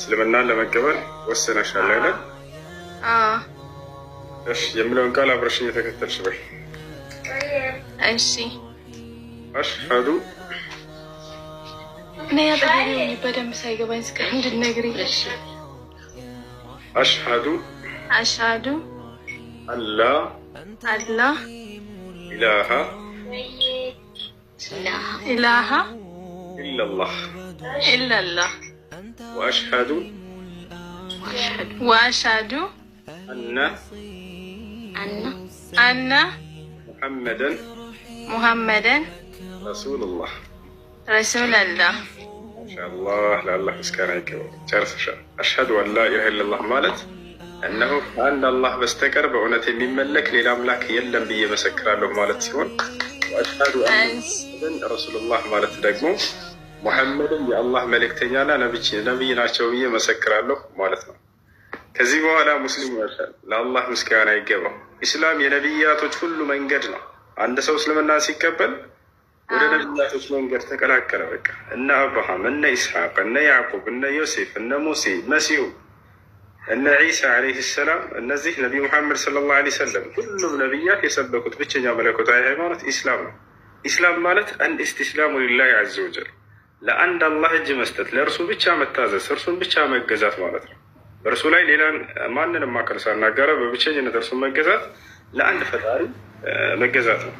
እስልምናን ለመቀበል ወስነሻል አይደል? እሺ የሚለውን ቃል አብረሽኝ የተከተልሽ በይ። እሺ አሽሀዱ እኔ ያጠገቤ ሆኜ በደንብ ሳይገባኝ እስከ እንድትነግሪኝ። እሺ አሽሀዱ አሽሀዱ አላ አላ ኢላሃ ኢላሃ ኢላላህ ኢላላህ وأشهد وأشهد وأشهد أن أن أن محمدا محمدا رسول الله رسول الله إن شاء الله لعله مسكرين كبير جرس أشهد أن لا إله إلا الله مالت أنه أن الله بستكر بعونة من ملك لا ملاك يلا بي مسكرا له مالت سيون وأشهد أن رسول الله مالت دقمو ሙሐመድም የአላህ መልእክተኛና ነቢይ ናቸው ብዬ መሰክራለሁ ማለት ነው። ከዚህ በኋላ ሙስሊም ይወርዳል። ለአላህ ምስጋና አይገባው። ኢስላም የነቢያቶች ሁሉ መንገድ ነው። አንድ ሰው እስልምና ሲቀበል ወደ ነቢያቶች መንገድ ተቀላቀለ። በቃ እነ አብርሃም፣ እነ ኢስሐቅ፣ እነ ያዕቁብ፣ እነ ዮሴፍ፣ እነ ሙሴ መሲሁ፣ እነ ዒሳ ዓለይህ ሰላም፣ እነዚህ ነቢ ሙሐመድ ሰለላሁ ዓለይሂ ወሰለም ሁሉም ነቢያት የሰበኩት ብቸኛ መለኮታዊ ሃይማኖት ኢስላም ነው። ኢስላም ማለት አንድ እስትስላሙ ሊላህ አዘ ወጀል ለአንድ አላህ እጅ መስጠት፣ ለእርሱ ብቻ መታዘዝ፣ እርሱን ብቻ መገዛት ማለት ነው። በእርሱ ላይ ሌላን ማንንም አካል ሳናገረ በብቸኝነት እርሱን መገዛት፣ ለአንድ ፈጣሪ መገዛት ነው።